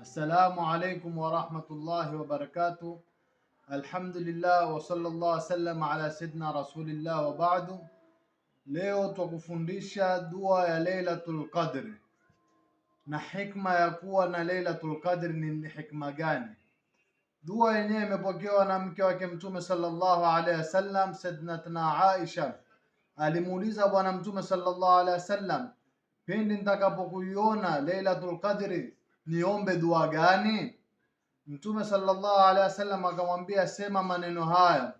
Assalamu alaikum warahmatullahi wabarakatuh. Alhamdulillah wa sallallahu wasallam ala sayyidina rasulillah wa ba'du. Leo twakufundisha dua ya Lailatul Qadr na hikma ya kuwa na Lailatul Qadr ni hikma gani? Dua yenyewe imepokewa na mke wake Mtume sallallahu alaihi wasallam, Sayyidatuna Aisha alimuuliza Bwana Mtume sallallahu alaihi wasallam, pindi nitakapokuiona Lailatul Qadri niombe dua gani? Mtume sallallahu alaihi wasallam akamwambia, sema maneno haya,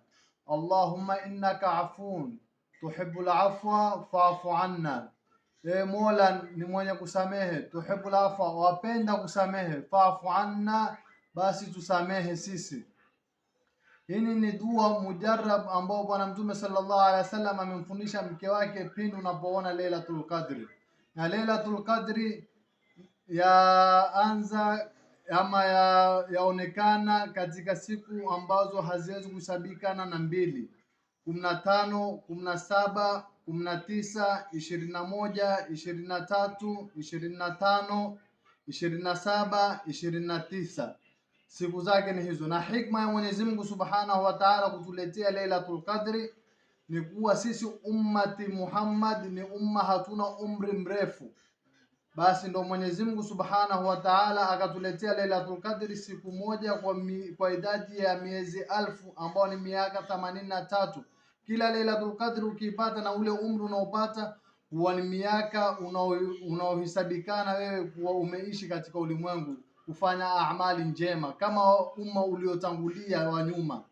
Allahumma innaka afun tuhibbul afwa fa'fu anna, e Mola ni mwenye kusamehe, tuhibbul afwa, wapenda kusamehe, fa'fu anna, basi tusamehe sisi. Hili ni dua mujarab ambao Bwana Mtume sallallahu alaihi wasallam amemfundisha mke wake pindi unapoona Lailatul Qadri, na Lailatul Qadri yaanza ama ya, yaonekana katika siku ambazo haziwezi kusabikana na mbili: kumi na tano, kumi na saba, kumi na tisa, ishirini na moja, ishirini na tatu, ishirini na tano, ishirini na saba, ishirini na tisa. Siku zake ni hizo, na hikma ya Mwenyezi Mungu Subhanahu wa Ta'ala kutuletea Lailatul Qadri ni kuwa sisi ummati Muhammad ni umma, hatuna umri mrefu basi ndo Mwenyezi Mungu Subhanahu wa Ta'ala akatuletea Lailatul Qadri siku moja kwa, mi, kwa idadi ya miezi alfu ambao ni miaka themanini na tatu. Kila Lailatul Qadri ukiipata na ule umri unaopata huwa ni miaka unaohisabikana wewe kuwa umeishi katika ulimwengu kufanya amali njema kama umma uliotangulia wa nyuma.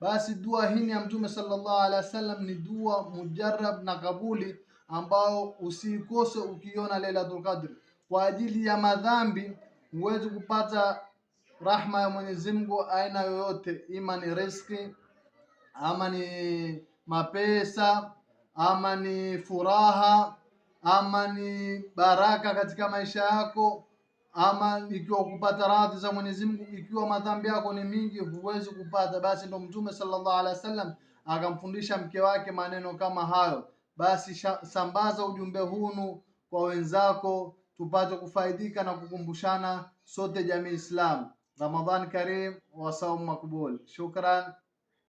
Basi dua hii ya Mtume sallallahu alaihi wasallam ni dua mujarab na kabuli ambao usikose ukiona Lailatul Qadr kwa ajili ya madhambi, huwezi kupata rahma ya Mwenyezi Mungu aina yoyote, ima ni riski, ama ni mapesa, ama ni furaha, ama ni baraka katika maisha yako, ama ikiwa kupata radhi za Mwenyezi Mungu. Ikiwa madhambi yako ni mingi, huwezi kupata. Basi ndo Mtume sallallahu alaihi wasallam akamfundisha mke wake maneno kama hayo basi sambaza ujumbe hunu kwa wenzako, tupate kufaidika na kukumbushana sote jamii Islam. Ramadhan karim wa saumu makbul. Shukran.